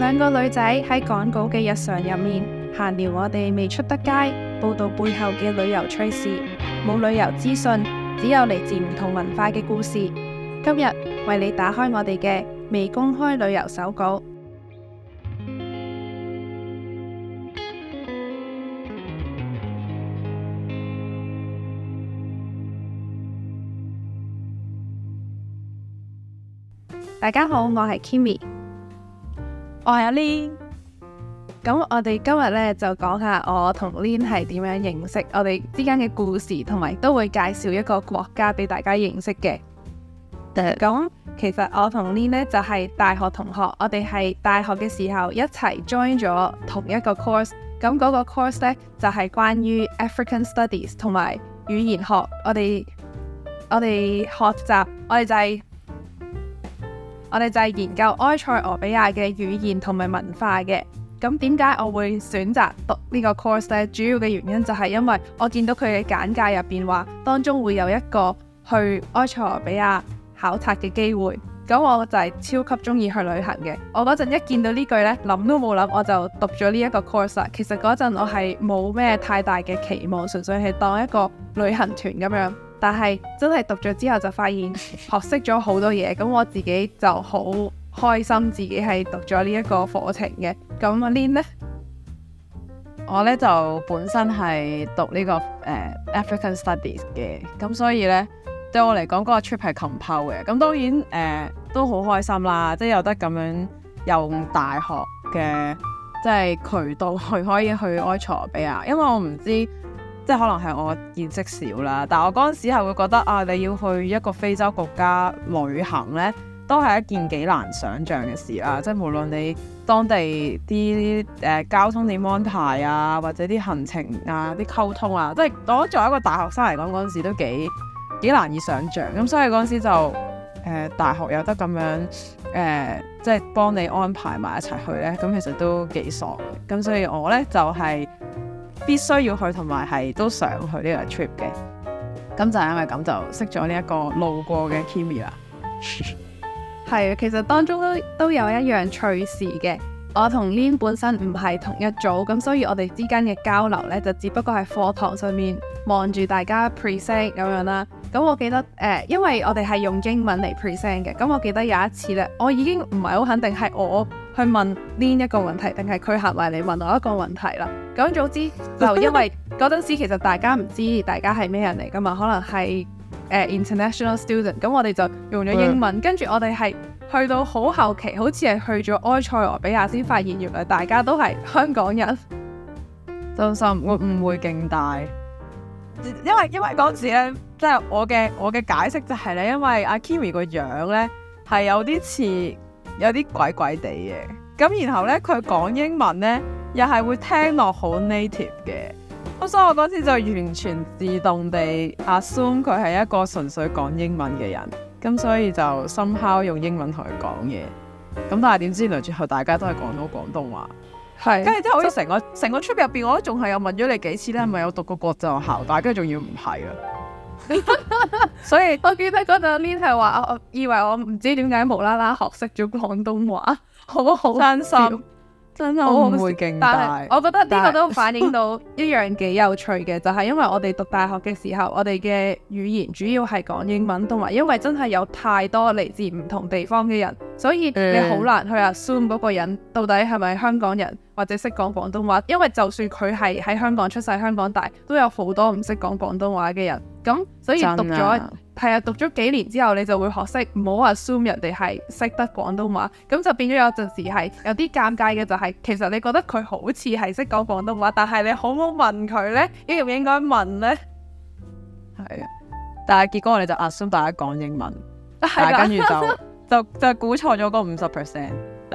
兩個女仔喺趕稿嘅日常入面閒聊，我哋未出得街、報道背後嘅旅遊趣事，冇旅遊資訊，只有嚟自唔同文化嘅故事。今日為你打開我哋嘅未公開旅遊手稿。 大家好，我係 Kimmy 我係阿 Rin。咁我哋今日咧，就講下我同 Rin 係點樣認識，我哋之間嘅故事，同埋都會介紹一個國家俾大家認識嘅。咁得其實我同 Rin 咧，就係、是、大學同學，我哋係大學嘅時候一齊 join 咗同一個 course，咁嗰個 course 咧，就係、是、關於 African Studies 同埋語言學，我哋我哋學習，我哋就係、是。我哋就係研究埃塞俄比亞嘅語言同埋文化嘅。咁點解我會選擇讀個課程呢個 course 呢？主要嘅原因就係因為我見到佢嘅簡介入邊話，當中會有一個去埃塞俄比亞考察嘅機會。咁我就係超級中意去旅行嘅。我嗰陣一見到呢句呢，諗都冇諗，我就讀咗呢一個 course 啦。其實嗰陣我係冇咩太大嘅期望，純粹係當一個旅行團咁樣。但係真係讀咗之後就發現學識咗好多嘢，咁 我自己就好開心，自己係讀咗呢一個課程嘅。咁阿 Lin 咧，我呢就本身係讀呢、這個誒、呃、African Studies 嘅，咁所以呢，對我嚟講嗰個 trip 係浸泡嘅，咁當然誒、呃、都好開心啦，即、就、係、是、有得咁樣用大學嘅即係渠道去可以去埃塞俄比亞，因為我唔知。即係可能係我見識少啦，但係我嗰陣時係會覺得啊，你要去一個非洲國家旅行呢，都係一件幾難想像嘅事啦。即係無論你當地啲誒、呃、交通點安排啊，或者啲行程啊、啲溝通啊，即係我作為一個大學生嚟講，嗰陣時都幾幾難以想像。咁所以嗰陣時就誒、呃、大學有得咁樣誒、呃，即係幫你安排埋一齊去呢。咁其實都幾爽。咁所以我呢，就係、是。必須要去同埋係都想去呢個 trip 嘅，咁就因為咁就識咗呢一個路過嘅 Kimmy 啦。係 啊，其實當中都都有一樣趣事嘅。我同 Rin 本身唔係同一組，咁所以我哋之間嘅交流呢，就只不過係課堂上面望住大家 present 咁樣啦。咁我記得誒、呃，因為我哋係用英文嚟 present 嘅，咁我記得有一次咧，我已經唔係好肯定係我去問呢一個問題，定係佢行埋嚟問我一個問題啦。咁總之，就因為嗰陣時其實大家唔知大家係咩人嚟㗎嘛，可能係誒、呃、international student，咁我哋就用咗英文，Yeah. 跟住我哋係去到好後期，好似係去咗埃塞俄比亞先發現，原來大家都係香港人。真心， 我誤會勁大因，因為因為嗰陣時咧。即係我嘅我嘅解釋就係咧，因為阿 Kimmy 個樣咧係有啲似有啲鬼鬼地嘅，咁然後咧佢講英文咧又係會聽落好 native 嘅，咁所以我嗰次就完全自動地 assume 佢係一個純粹講英文嘅人，咁所以就深敲用英文同佢講嘢，咁但係點知嚟最後大家都係講到廣東話，係是，跟住之後好似成個成就個 trip 入邊，我都仲係有問咗你幾次咧，係咪有讀過國際學校，嗯、但係跟住仲要唔係啊？ 所以我記得嗰陣 Rin 係話，我以為我唔知點解無啦啦學識咗廣東話，好好傷心。 真係我會但大，但係我覺得呢個都反映到一樣幾有趣嘅，但是 就係因為我哋讀大學嘅時候， 我哋嘅語言主要係講英文，同埋因為真係有太多嚟自唔同地方嘅人，所以你好難去 assume 嗰個人到底係咪香港人或者識講廣東話，因為就算佢係喺香港出世、香港大，都有好多唔識講廣東話嘅人，咁所以讀咗。係啊，讀咗幾年之後，你就會學識唔好 assume 人哋係識得廣東話，咁就變咗有陣時係有啲尷尬嘅，就係，就係其實你覺得佢好似係識講廣東話，但係你好唔好問佢呢？應唔應該問呢？係啊，但係結果我哋就 assume 大家講英文，是的 但係跟住就 就就估錯咗嗰五十 percent，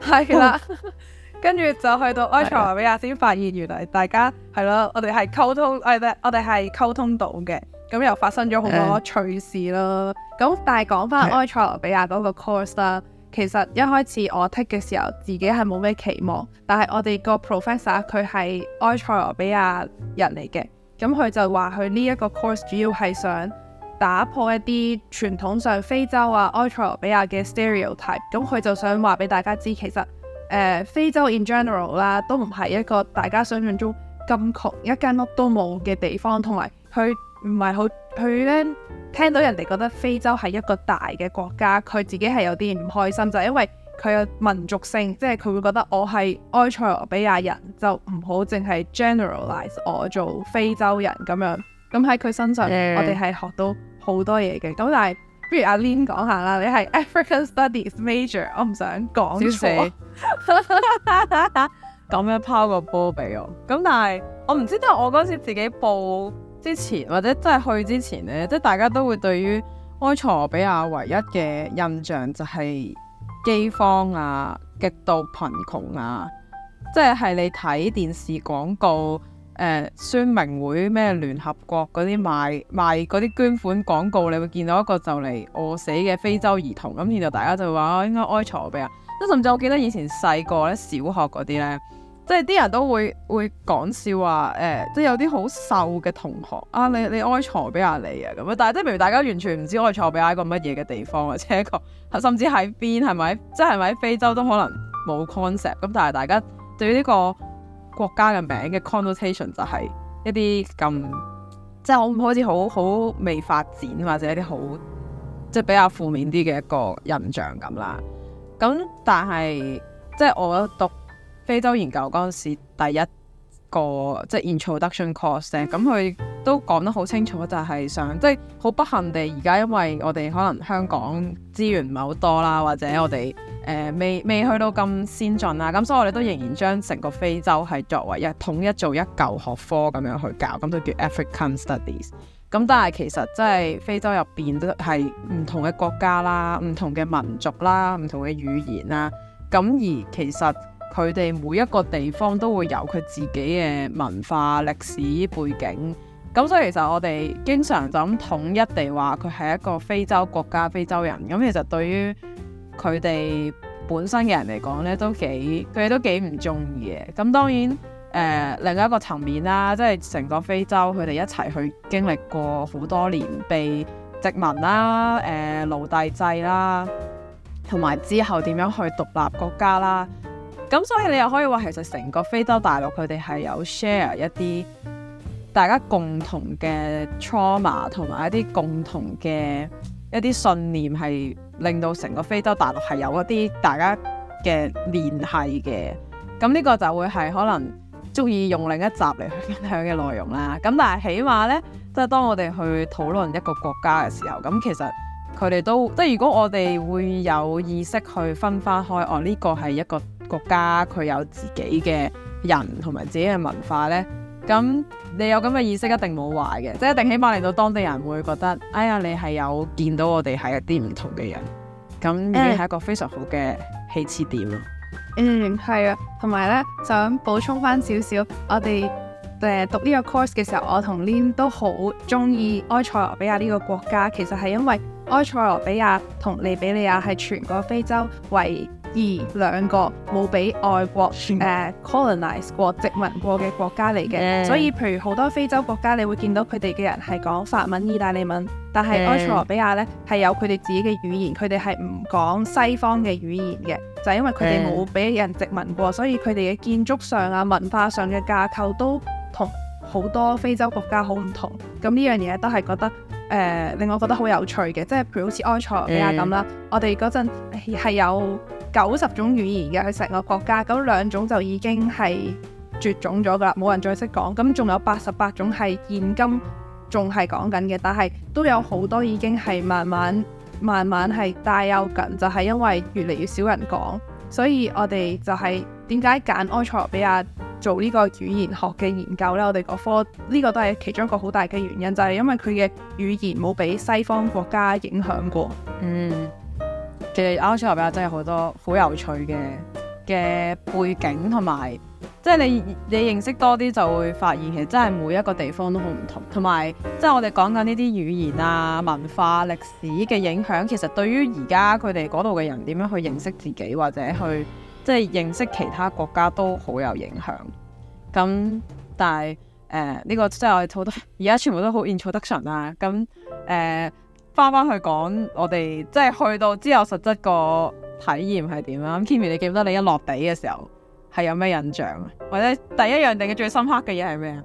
係啦，的 跟住就去到埃塞俄比亞先發現，原來大家係咯，我哋係溝通，哎、我哋我哋係溝通到嘅。咁又發生咗好多趣事咯。咁、嗯、但係講返埃塞俄比亞嗰個 course 啦，嗯、其實一開始我 take 嘅時候自己係冇咩期望，但係我哋個 professor 佢係埃塞俄比亞人嚟嘅，咁佢就話佢呢一個 course 主要係想打破一啲傳統上非洲啊埃塞俄比亞嘅 stereotype。咁佢就想話俾大家知，其實誒、呃、非洲 in general 啦，都唔係一個大家想象中咁窮，一間屋都冇嘅地方，同埋佢。唔係好，佢咧聽到人哋覺得非洲係一個大嘅國家，佢自己係有啲唔開心，就係、因為佢有民族性，即係佢會覺得我係埃塞俄比亞人，就唔好淨係 generalize 我做非洲人咁樣。咁喺佢身上，嗯、我哋係學到好多嘢嘅。咁但係，不如阿 Rin 講下啦，你係 African Studies major，我唔想講錯，咁死 樣拋個波俾我。咁但係，我唔知，得我嗰時自己報。之前或者真係去之前呢，即係大家都會對於埃塞俄比亞唯一嘅印象就係饑荒啊、極度貧窮啊，即係你睇電視廣告、誒、呃、宣明會咩聯合國嗰啲賣賣嗰啲捐款廣告，你會見到一個就嚟餓死嘅非洲兒童，咁然後大家就話應該埃塞俄比亞，即甚至我記得以前細個咧、小學嗰啲呢。即係啲人都會會講笑話、啊，誒、哎，即係有啲好瘦嘅同學啊，你你埃塞俄比亞利啊咁啊，但係即係譬如大家完全唔知埃塞俄比亞一個乜嘢嘅地方或者一個甚至喺邊係咪？即係咪喺非洲都可能冇 concept 咁，但係大家對於呢個國家嘅名嘅 connotation 就係一啲咁即係好唔好似好好未發展或者一啲好即係比較負面啲嘅一個印象咁啦。咁但係即係我覺得讀。非洲研究嗰陣時第一個即係、就是、introduction course 咧，咁佢都講得好清楚就，就係想即係好不幸地而家因為我哋可能香港資源唔係好多啦，或者我哋誒、呃、未未去到咁先進啦、啊，咁所以我哋都仍然將成個非洲係作為一統一做一舊學科咁樣去教，咁就叫 African Studies。咁但係其實即係非洲入邊都係唔同嘅國家啦、唔同嘅民族啦、唔同嘅語言啦，咁而其實。佢哋每一個地方都會有佢自己嘅文化、歷史背景，咁所以其實我哋經常就咁統一地話佢係一個非洲國家、非洲人。咁其實對於佢哋本身嘅人嚟講呢，都幾佢哋都幾唔中意嘅。咁當然誒、呃、另一個層面啦，即係成個非洲佢哋一齊去經歷過好多年被殖民啦、誒奴隸制啦，同埋之後點樣去獨立國家啦。咁所以你又可以話，其實成個非洲大陸佢哋係有 share 一啲大家共同嘅 trauma，同埋一啲共同嘅一啲信念，係令到成個非洲大陸係有一啲大家嘅聯繫嘅。咁呢個就會係可能足以用另一集嚟去分享嘅內容啦。咁但係起碼呢，即係當我哋去討論一個國家嘅時候，咁其實佢哋都即係如果我哋會有意識去分返開，開哦呢個係一個。國家佢有自己嘅人同埋自己嘅文化呢，咁你有咁嘅意識一定冇壞嘅，即係一定起碼令到當地人會覺得，哎呀你係有見到我哋係一啲唔同嘅人，咁已經係一個非常好嘅起始點咯。嗯，係啊，同埋呢就想補充翻少少，我哋誒讀呢個 course 嘅時候，我同 Rin 都好中意埃塞俄比亞呢個國家，其實係因為埃塞俄比亞同利比里亞係全個非洲為而兩個冇俾外國誒、 呃、colonize 過、殖民過嘅國家嚟嘅，Yeah. 所以譬如好多非洲國家，你會見到佢哋嘅人係講法文、意大利文，但係埃 Yeah. 塞俄比亞呢係有佢哋自己嘅語言，佢哋係唔講西方嘅語言嘅，就係、因為佢哋冇俾人殖民過，Yeah. 所以佢哋嘅建築上啊、文化上嘅架構都同好多非洲國家好唔同。咁呢樣嘢都係覺得誒、呃、令我覺得好有趣嘅，即係譬如好似埃塞俄比亞咁啦，Yeah. Yeah. 我哋嗰陣係有九十種語言嘅喺成個國家，咁兩種就已經係絕種咗噶啦，冇人再識講。咁仲有八十八種係現今仲係講緊嘅，但係都有好多已經係慢慢、慢慢係 die out 緊，就係因為越嚟越少人講。所以我哋就係點解揀埃塞俄比亞做呢個語言學嘅研究呢？我哋嗰科呢、這個都係其中一個好大嘅原因，就係、是、因為佢嘅語言冇俾西方國家影響過。嗯。其實歐洲入邊啊，真係好多好有趣嘅嘅背景同埋，即係你你認識多啲就會發現，其實真係每一個地方都好唔同。同埋即係我哋講緊呢啲語言啊、文化、歷史嘅影響，其實對於而家佢哋嗰度嘅人點樣去認識自己或者去即係認識其他國家都好有影響。咁但係誒呢個即係我哋好多而家全部都好 introduction 啦、啊。咁誒。呃翻翻去講，我哋即係去到之後，實質個體驗係點啦？Kimmy，你記唔記得你一落地嘅時候係有咩印象？或者第一樣定嘅最深刻嘅嘢係咩啊？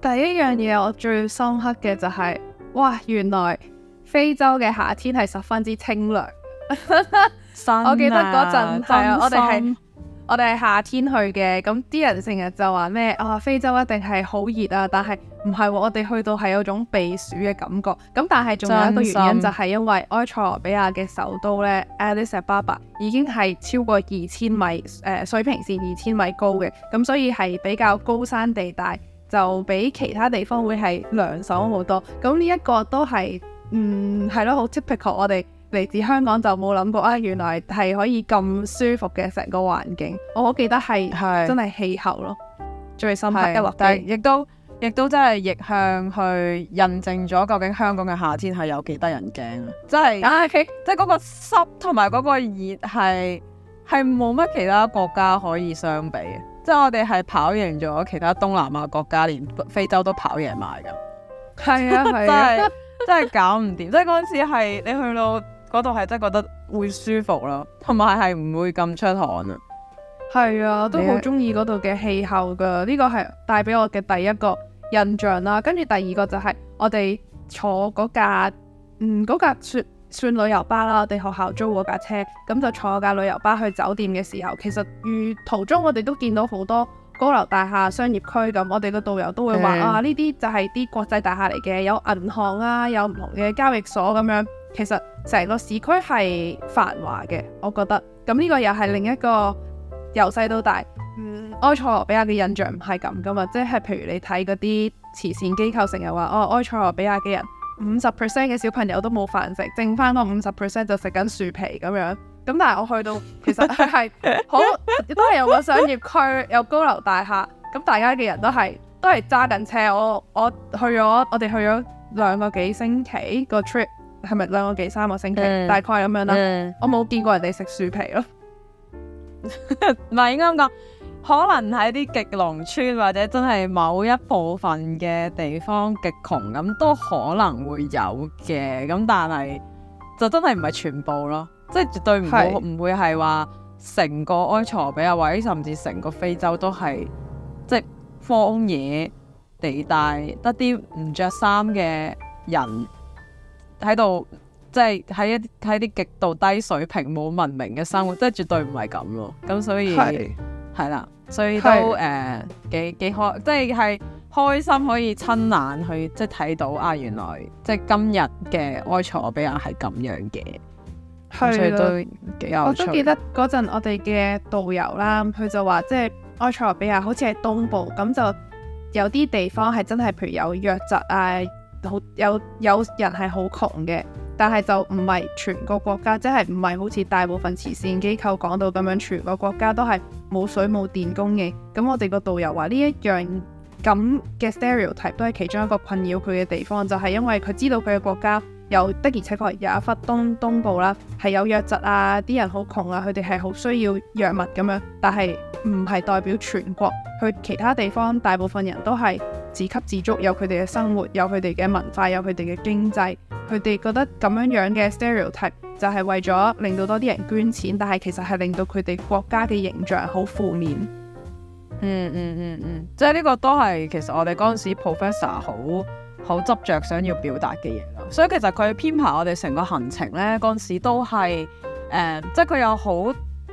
第一樣嘢我最深刻嘅就係、是，哇！原來非洲嘅夏天係十分之清涼。 啊、 我記得嗰陣係啊，心啊，我哋係。我哋係夏天去嘅，咁啲人成日就話咩啊？非洲一定係好熱啊，但係唔係喎，我哋去到係有種避暑嘅感覺。咁但係仲有一個原因就係因為埃塞俄比亞嘅首都咧 Addis Ababa 已經係超過二千米誒、呃、水平線二千米高嘅，咁所以係比較高山地帶，就比其他地方會係涼爽好多。咁呢一個都係嗯係咯，好 typical 我哋。嚟自香港就冇諗過啊！原來係可以咁舒服嘅成個環境，我好記得係真係氣候咯，最深刻一筆。但亦都亦都真係逆向去印證咗究竟香港嘅夏天係有幾得人驚啊！真係，即係嗰個濕同埋嗰個熱係係冇乜其他國家可以相比嘅。即係我哋係跑贏咗其他東南亞國家，連非洲都跑贏埋㗎。係啊，真係真係搞唔掂。即係嗰陣時係你去到。嗰度係真覺得會舒服咯，同埋係唔會咁出汗啊！係啊，都好中意嗰度嘅氣候噶，呢個係帶俾我嘅第一個印象啦。跟住第二個就係我哋坐嗰架嗯嗰架算算旅遊巴啦，我哋學校租嗰架車，咁就坐架旅遊巴去酒店嘅時候，其實途途中我哋都見到好多高樓大廈、商業區咁，我哋嘅導遊都會話、嗯、啊，呢啲就係啲國際大廈嚟嘅，有銀行啊，有唔同嘅交易所咁樣。其實成個市區係繁華嘅，我覺得咁呢個又係另一個由細到大，嗯，埃塞俄比亞嘅印象唔係咁噶嘛，即係譬如你睇嗰啲慈善機構成日話哦，埃塞俄比亞嘅人五十 percent 嘅小朋友都冇飯食，剩翻嗰五十 percent 就食緊樹皮咁樣。咁但係我去到其實佢係好 都係有個商業區，有高樓大廈咁，大家嘅人都係都係揸緊車。我我去咗我哋去咗兩個幾星期個 trip。係咪兩個幾三個星期？嗯、大概咁樣啦。嗯、我冇見過人哋食樹皮咯 唔係應該咁講，可能喺啲極農村或者真係某一部分嘅地方極窮咁，都可能會有嘅。咁但係就真係唔係全部咯，即係絕對唔是會唔會係話成個埃塞俄比亞，或者甚至成個非洲都係即荒野地帶，得啲唔着衫嘅人。喺度即係喺一喺啲極度低水平冇文明嘅生活，即係絕對唔係咁咯。咁所以係啦的，所以都誒的、呃、幾幾開，即係開心可以親眼去即係睇到啊！原來即係今日嘅埃塞俄比亞係咁樣嘅，係咯的，幾有趣。我都記得嗰陣我哋嘅導遊啦，佢就話即係埃塞俄比亞好似係東部，咁就有啲地方係真係譬如有弱疾啊。好有有人係好窮嘅，但係就唔係全個國家，即係唔係好似大部分慈善機構講到咁樣，全個國家都係冇水冇電供嘅。咁我哋個導遊話呢一樣咁嘅 stereotype 都係其中一個困擾佢嘅地方，就係因為佢知道佢嘅國家有，的而且確有一忽東東部啦，係有瘧疾啊，啲人好窮啊，佢哋係好需要藥物咁樣，但係唔係代表全國，佢其他地方大部分人都係，自給自足，有佢哋嘅生活，有佢哋嘅文化，有佢哋嘅經濟。佢哋覺得咁樣樣嘅 stereotype 就係為咗令到多啲人捐錢，但係其實係令到佢哋國家嘅形象好負面。嗯嗯嗯嗯，嗯，即係呢個都係其實我哋嗰陣時 professor 好好執著想要表達嘅嘢咯。所以其實佢編排我哋成個行程呢，嗰陣時都係誒、呃，即係佢有好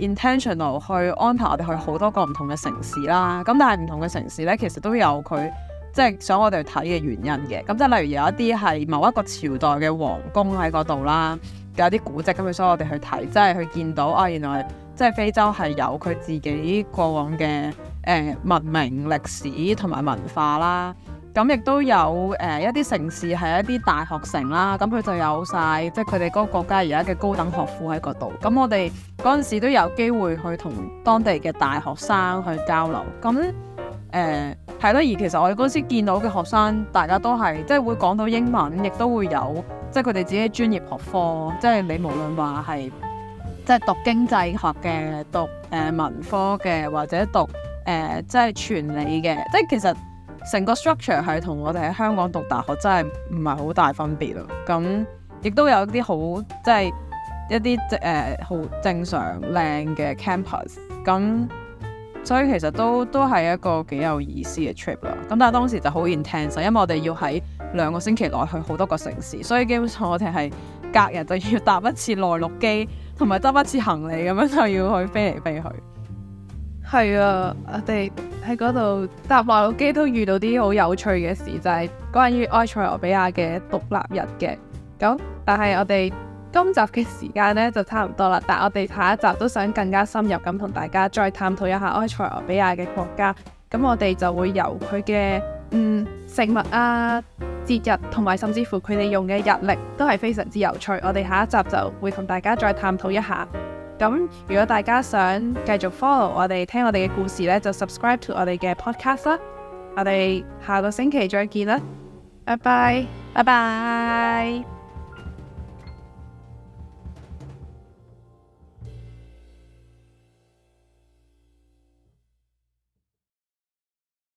intentional 去安排我哋去好多個唔同嘅城市啦。咁但係唔同嘅城市呢，其實都有佢。即係想我哋去睇嘅原因嘅，咁即係例如有一啲係某一個朝代嘅皇宮喺嗰度啦，有啲古跡咁，所以我哋去睇，即係去，去見到啊，原來即係非洲係有佢自己過往嘅誒、呃、文明、歷史同埋文化啦。咁、啊、亦都有誒、呃、一啲城市係一啲大學城啦，咁、啊、佢、嗯、就有晒，即係佢哋嗰個國家而家嘅高等學府喺嗰度。咁、啊嗯、我哋嗰陣時都有機會去同當地嘅大學生去交流。咁、啊、誒。呃係咯，而其實我哋嗰時見到嘅學生，大家都係即係會講到英文，亦都會有即係佢哋自己專業學科，即係你無論話係即係讀經濟學嘅、讀誒、呃、文科嘅，或者讀誒、呃、即係全理嘅，即係其實成個 structure 係同我哋喺香港讀大學真係唔係好大分別啊。咁亦都有一啲好即係一啲即誒好正常靚嘅 campus 咁。所以其實都都係一個幾有意思嘅 trip 啦。咁但係當時就好 intense，因為我哋要喺兩個星期內去好多個城市，所以基本上我哋係隔日就要搭一次內陸機，同埋執一次行李咁樣就要去飛嚟飛去。係啊，我哋喺嗰度搭內陸機都遇到啲好有趣嘅事，就係關於埃塞俄比亞嘅獨立日嘅。咁但係我哋。今集嘅時間呢，就差唔多啦，但我哋下一集都想更加深入咁同大家再探討一下埃塞俄比亞嘅國家。咁我哋就會由佢嘅，嗯，食物啊、節日同埋甚至乎佢哋用嘅日曆都係非常之有趣。我哋下一集就會同大家再探討一下。咁如果大家想繼續 follow 我哋聽我哋嘅故事呢，就 subscribe to 我哋嘅 podcast 啦。我哋下個星期再見啦，拜拜，拜拜。